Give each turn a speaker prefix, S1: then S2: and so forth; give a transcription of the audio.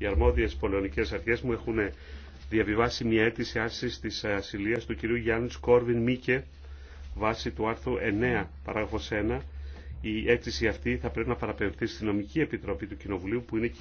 S1: Οι αρμόδιε πολεωνικέ αρχέ μου έχουν διαβιβάσει μια αίτηση άρση τη ασυλία του κυρίου Γιάννη Κόρβιν Μίκε βάσει του άρθρου 9 παράγραφος 1. Η αίτηση αυτή θα πρέπει να παραπευθεί στη νομική επιτροπή του Κοινοβουλίου που είναι και